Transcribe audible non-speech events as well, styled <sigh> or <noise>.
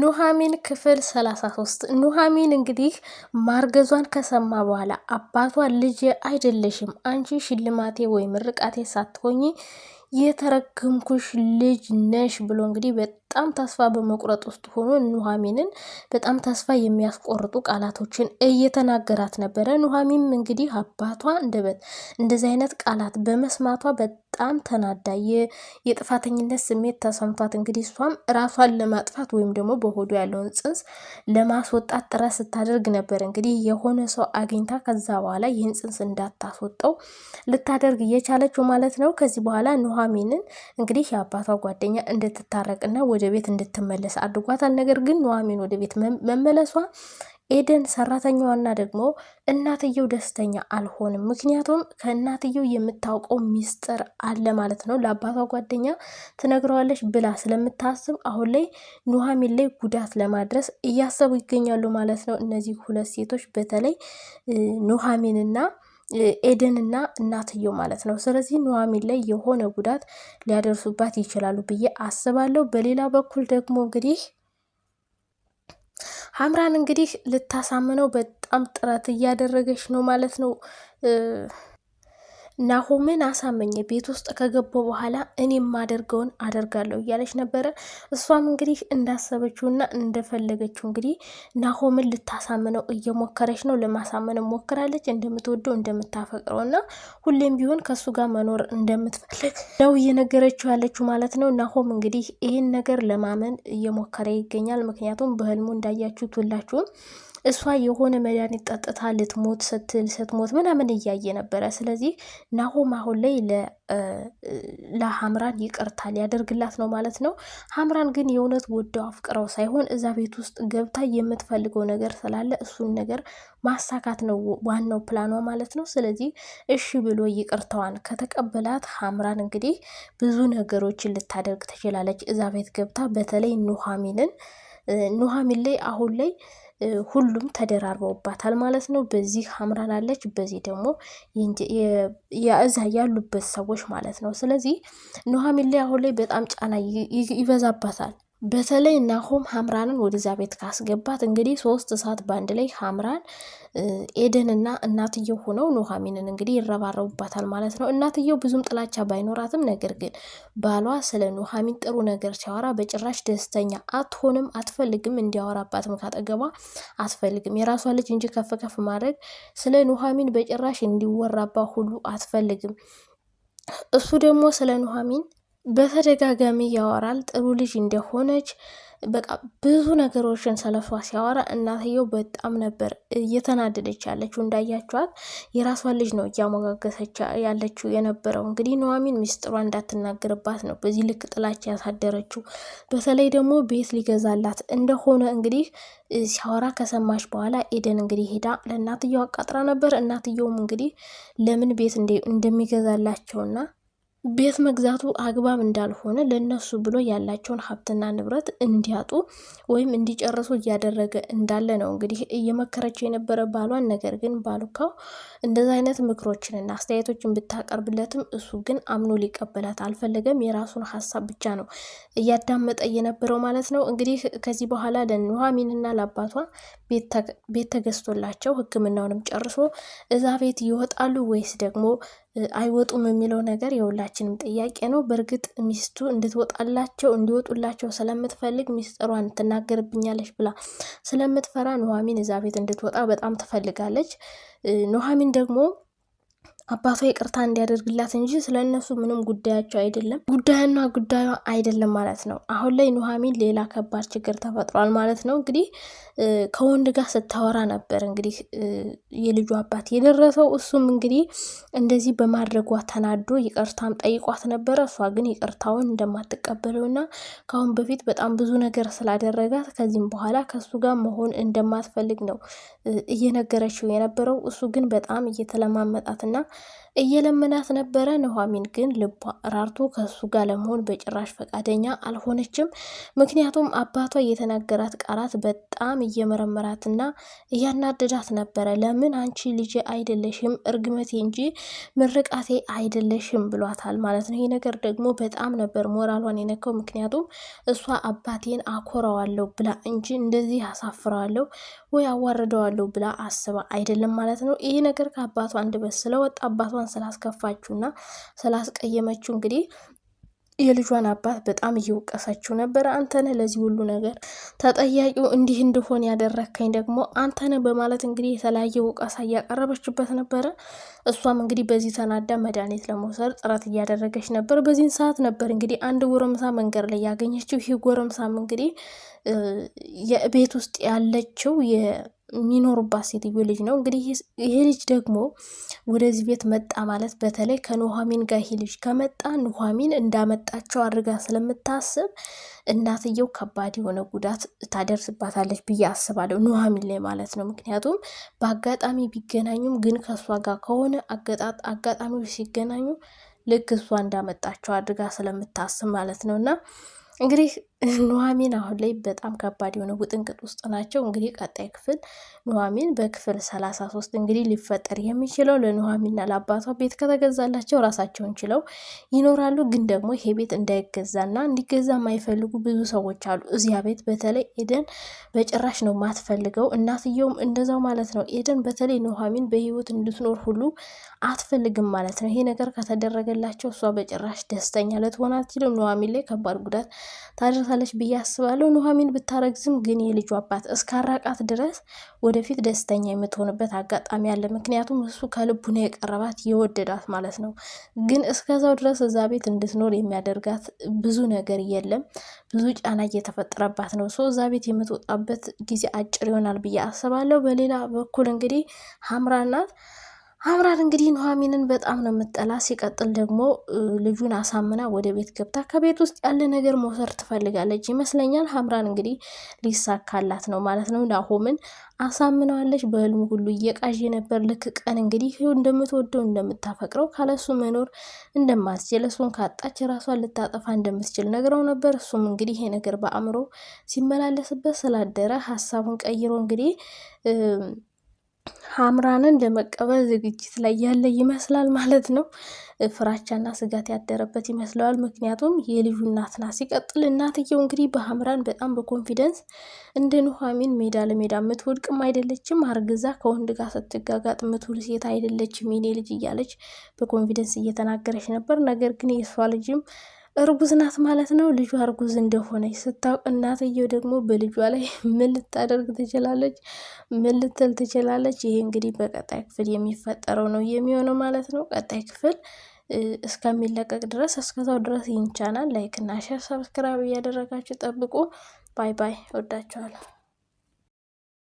ኑሐሚን ክፍል 33 ኑሐሚን እንግዲህ ማርገዟን ከሰማ በኋላ አባቷ ልጄ አይደለሽም አንቺ ሽልማቴ ወይም ምርቃቴ ሳትሆኚ የተረገምኩሽ ልጅ ነሽ ብሎ እንግዲህ በጣም ተስፋ በመቁረጥ ውስጥ ሆኖ ኑሐሚንን በጣም ተስፋ የሚያስቆርጡ ቃላቶችን እየተናገራት ነበረ። ኑሐሚንም እንግዲህ አባቷ እንደበት እንደዚህ አይነት ቃላት በመስማቷ በጣም ተናዳ የጥፋተኝነት ስሜት ተሰምቷት እንግዲህ እሷም ራሷን ለማጥፋት ወይም ደግሞ በሆዱ ያለውን ጽንስ ለማስወጣት ጥረት ስታደርግ ነበር። እንግዲህ የሆነ ሰው አግኝታ ከዛ በኋላ ይህን ጽንስ እንዳታስወጣው ልታደርግ እየቻለችው ማለት ነው። ከዚህ በኋላ ኑሐሚንን እንግዲህ የአባቷ ጓደኛ እንድትታረቅና ወደ ቤት እንድትመለስ አድርጓታል። ነገር ግን ኑሐሚን ወደ ቤት መመለሷ ኤደን ሰራተኛዋና ደግሞ እናትየው ደስተኛ አልሆንም። ምክንያቱም ከእናትየው የምታውቀው ሚስጥር አለ ማለት ነው። ለአባቷ ጓደኛ ትነግረዋለች ብላ ስለምታስብ አሁን ላይ ኑሐሚን ላይ ጉዳት ለማድረስ እያሰቡ ይገኛሉ ማለት ነው። እነዚህ ሁለት ሴቶች በተለይ ኑሐሚንና ኤደንና እናትየው ማለት ነው። ስለዚህ ኑሐሚን ላይ የሆነ ጉዳት ሊያደርሱባት ይችላሉ ብዬ አስባለሁ። በሌላ በኩል ደግሞ እንግዲህ ሀምራን እንግዲህ ልታሳምነው በጣም ጥረት እያደረገች ነው ማለት ነው። ናሆምን አሳመኘ ቤት ውስጥ ከገባሁ በኋላ እኔ የማደርገውን አደርጋለሁ እያለች ነበረ። እሷም እንግዲህ እንዳሰበችው እና እንደፈለገችው እንግዲህ ናሆምን ልታሳምነው እየሞከረች ነው። ለማሳመን ሞክራለች። እንደምትወደው እንደምታፈቅረው እና ሁሌም ቢሆን ከሱ ጋር መኖር እንደምትፈልግ ነው እየነገረችው ያለችው ማለት ነው። ናሆም እንግዲህ ይህን ነገር ለማመን እየሞከረ ይገኛል። ምክንያቱም በህልሙ እንዳያችሁት ሁላችሁም እሷ የሆነ መድኃኒት ጠጥታ ልትሞት ስትል ስትሞት ምናምን እያየ ነበረ። ስለዚህ ናሆም አሁን ላይ ለሀምራን ይቅርታ ሊያደርግላት ነው ማለት ነው። ሀምራን ግን የእውነት ወደው አፍቅረው ሳይሆን እዛ ቤት ውስጥ ገብታ የምትፈልገው ነገር ስላለ እሱን ነገር ማሳካት ነው ዋናው ፕላኗ ማለት ነው። ስለዚህ እሺ ብሎ ይቅርታዋን ከተቀበላት ሀምራን እንግዲህ ብዙ ነገሮችን ልታደርግ ትችላለች። እዛ ቤት ገብታ በተለይ ኑሐሚንን ኑሐሚን ላይ አሁን ላይ ሁሉም ተደራርበውባታል ማለት ነው። በዚህ ሀምራን አለች፣ በዚህ ደግሞ እዛ ያሉበት ሰዎች ማለት ነው። ስለዚህ ኑሐሚን ላይ አሁን ላይ በጣም ጫና ይበዛባታል። በተለይ ናሆም ሀምራንን ወደዚያ ቤት ካስገባት እንግዲህ ሶስት እሳት በአንድ ላይ ሀምራን ኤደንና እናትየው ሆነው ኑሐሚንን እንግዲህ ይረባረቡባታል ማለት ነው። እናትየው ብዙም ጥላቻ ባይኖራትም ነገር ግን ባሏ ስለ ኑሐሚን ጥሩ ነገር ሲያወራ በጭራሽ ደስተኛ አትሆንም፣ አትፈልግም፣ እንዲያወራባትም ካጠገቧ አትፈልግም። የራሷ ልጅ እንጂ ከፍ ከፍ ማድረግ ስለ ኑሐሚን በጭራሽ እንዲወራባ ሁሉ አትፈልግም። እሱ ደግሞ ስለ ኑሐሚን በተደጋጋሚ ያወራል። ጥሩ ልጅ እንደሆነች በቃ ብዙ ነገሮችን ሰለፏ ሲያወራ እናትየው በጣም ነበር እየተናደደች ያለችው። እንዳያችኋት የራሷን ልጅ ነው እያሞጋገሰች ያለችው የነበረው። እንግዲህ ኑሐሚን ሚስጥሯ እንዳትናገርባት ነው በዚህ ልክ ጥላች ያሳደረችው። በተለይ ደግሞ ቤት ሊገዛላት እንደሆነ እንግዲህ ሲያወራ ከሰማች በኋላ ኤደን እንግዲህ ሄዳ ለእናትየው አቃጥራ ነበር። እናትየውም እንግዲህ ለምን ቤት እንደሚገዛላቸውና ቤት መግዛቱ አግባብ እንዳልሆነ ለእነሱ ብሎ ያላቸውን ሀብትና ንብረት እንዲያጡ ወይም እንዲጨርሱ እያደረገ እንዳለ ነው እንግዲህ እየመከረችው የነበረ ባሏን። ነገር ግን ባሉካው እንደዚ አይነት ምክሮችንና አስተያየቶችን ብታቀርብለትም እሱ ግን አምኖ ሊቀበላት አልፈለገም። የራሱን ሀሳብ ብቻ ነው እያዳመጠ የነበረው ማለት ነው። እንግዲህ ከዚህ በኋላ ለኑሐሚንና ለአባቷ ቤት ተገዝቶላቸው ሕክምናውንም ጨርሶ እዛ ቤት ይወጣሉ ወይስ ደግሞ አይወጡም የሚለው ነገር የሁላችንም ጥያቄ ነው። በእርግጥ ሚስቱ እንድትወጣላቸው እንዲወጡላቸው ስለምትፈልግ ሚስጥሯን ትናገርብኛለች ብላ ስለምትፈራ ኑሐሚን እዛ ቤት እንድትወጣ በጣም ትፈልጋለች። ኑሐሚን ደግሞ አባቷ ይቅርታ እንዲያደርግላት እንጂ ስለ እነሱ ምንም ጉዳያቸው አይደለም፣ ጉዳዩና ጉዳዩ አይደለም ማለት ነው። አሁን ላይ ኑሐሚን ሌላ ከባድ ችግር ተፈጥሯል ማለት ነው እንግዲህ ከወንድ ጋር ስታወራ ነበር እንግዲህ የልጁ አባት የደረሰው። እሱም እንግዲህ እንደዚህ በማድረጓ ተናዶ ይቅርታም ጠይቋት ነበረ። እሷ ግን ይቅርታውን እንደማትቀበለው እና ከአሁን በፊት በጣም ብዙ ነገር ስላደረጋት ከዚህም በኋላ ከሱ ጋር መሆን እንደማትፈልግ ነው እየነገረችው የነበረው። እሱ ግን በጣም እየተለማመጣትና እየለመናት ነበረ። ኑሐሚን ግን ልቧ ራርቶ ከሱ ጋር ለመሆን በጭራሽ ፈቃደኛ አልሆነችም። ምክንያቱም አባቷ የተናገራት ቃላት በጣም እየመረመራትና እያናደዳት ነበረ። ለምን አንቺ ልጅ አይደለሽም እርግመቴ እንጂ ምርቃቴ አይደለሽም ብሏታል ማለት ነው። ይህ ነገር ደግሞ በጣም ነበር ሞራሏን የነካው። ምክንያቱም እሷ አባቴን አኮራዋለሁ ብላ እንጂ እንደዚህ አሳፍረዋለሁ ወይ አዋርደዋለሁ ብላ አስባ አይደለም ማለት ነው። ይህ ነገር ከአባቷ አንደበት ስለወጣ አባቷን ስላስከፋችሁና ስላስቀየመችው እንግዲህ የልጇን አባት በጣም እየወቀሰችው ነበረ። አንተነ ለዚህ ሁሉ ነገር ተጠያቂው እንዲህ እንድሆን ያደረግከኝ ደግሞ አንተነ በማለት እንግዲህ የተለያየ ወቀሳ እያቀረበችበት ነበረ። እሷም እንግዲህ በዚህ ተናዳ መድኃኒት ለመውሰድ ጥረት እያደረገች ነበር። በዚህን ሰዓት ነበር እንግዲህ አንድ ጎረምሳ መንገድ ላይ ያገኘችው። ይህ ጎረምሳም እንግዲህ የቤት ውስጥ ያለችው የሚኖሩባት ሴትዮ ልጅ ነው። እንግዲህ ይሄ ልጅ ደግሞ ወደዚህ ቤት መጣ ማለት በተለይ ከኑሐሚን ጋር ይሄ ልጅ ከመጣ ኑሐሚን እንዳመጣቸው አድርጋ ስለምታስብ እናትየው ከባድ የሆነ ጉዳት ታደርስባታለች ብዬ አስባለሁ፣ ኑሐሚን ላይ ማለት ነው። ምክንያቱም በአጋጣሚ ቢገናኙም ግን ከእሷ ጋር ከሆነ አጋጣሚዎች ሲገናኙ ልክ እሷ እንዳመጣቸው አድርጋ ስለምታስብ ማለት ነው እና እንግዲህ ኑሐሚን አሁን ላይ በጣም ከባድ የሆነ ውጥንቅጥ ውስጥ ናቸው። እንግዲህ ቀጣይ ክፍል ኑሐሚን በክፍል ሰላሳ ሶስት እንግዲህ ሊፈጠር የሚችለው ለኑሐሚንና ለአባቷ ቤት ከተገዛላቸው ራሳቸውን ችለው ይኖራሉ። ግን ደግሞ ይሄ ቤት እንዳይገዛና እንዲገዛ የማይፈልጉ ብዙ ሰዎች አሉ። እዚያ ቤት በተለይ ኤደን በጭራሽ ነው ማትፈልገው፣ እናትየውም እንደዛው ማለት ነው። ኤደን በተለይ ኑሐሚን በህይወት እንድትኖር ሁሉ አትፈልግም ማለት ነው። ይሄ ነገር ከተደረገላቸው እሷ በጭራሽ ደስተኛ ልትሆን አትችልም። ኑሐሚን ላይ ከባድ ጉዳት ታደርሳለች። ትደርሳለች ብዬ አስባለሁ። ኑሐሚን ብታረግዝም ግን የልጁ አባት እስካራቃት ድረስ ወደፊት ደስተኛ የምትሆንበት አጋጣሚ አለ። ምክንያቱም እሱ ከልቡ ነው የቀረባት የወደዳት ማለት ነው። ግን እስከዛው ድረስ እዛ ቤት እንድትኖር የሚያደርጋት ብዙ ነገር የለም። ብዙ ጫና እየተፈጠረባት ነው። ሰው እዛ ቤት የምትወጣበት ጊዜ አጭር ይሆናል ብዬ አስባለሁ። በሌላ በኩል እንግዲህ ሀምራ ናት አምራን እንግዲህ ኑሐሚንን በጣም ነው የምጠላ። ሲቀጥል ደግሞ ልጁን አሳምና ወደ ቤት ገብታ ከቤት ውስጥ ያለ ነገር መውሰድ ትፈልጋለች ይመስለኛል። አምራን እንግዲህ ሊሳካላት ነው ማለት ነው። ናሆምን አሳምነዋለች። በህልሙ ሁሉ እየቃዥ ነበር። ልክ ቀን እንግዲህ እንደምትወደው እንደምታፈቅረው ካለሱ መኖር እንደማትችል እሱን ካጣች ራሷን ልታጠፋ እንደምትችል ነግረው ነበር። እሱም እንግዲህ ይሄ ነገር በአእምሮ ሲመላለስበት ስላደረ ሀሳቡን ቀይሮ እንግዲህ ሀምራንን ለመቀበል ዝግጅት ላይ ያለ ይመስላል ማለት ነው። ፍራቻና ስጋት ያደረበት ይመስለዋል። ምክንያቱም የልዩ እናት ናት። ሲቀጥል እናትየው እንግዲህ በሀምራን በጣም በኮንፊደንስ እንደ ኑሐሚን ሜዳ ለሜዳ የምትወድቅም አይደለችም፣ አርግዛ ከወንድ ጋር ስትጋጋጥ ምትውል ሴት አይደለችም የኔ ልጅ እያለች በኮንፊደንስ እየተናገረች ነበር። ነገር ግን የእሷ ልጅም እርጉዝ ናት ማለት ነው። ልጇ እርጉዝ እንደሆነች ስታውቅ እናትየው ደግሞ በልጇ ላይ <laughs> ምን ልታደርግ ትችላለች? ምን ልትል ትችላለች? ይሄ እንግዲህ በቀጣይ ክፍል የሚፈጠረው ነው የሚሆነው ማለት ነው። ቀጣይ ክፍል እስከሚለቀቅ ድረስ እስከዛው ድረስ ይንቻናል። ላይክና ላይክ እና ሼር ሰብስክራይብ እያደረጋችሁ ጠብቁ። ባይ ባይ። ወዳችኋለሁ።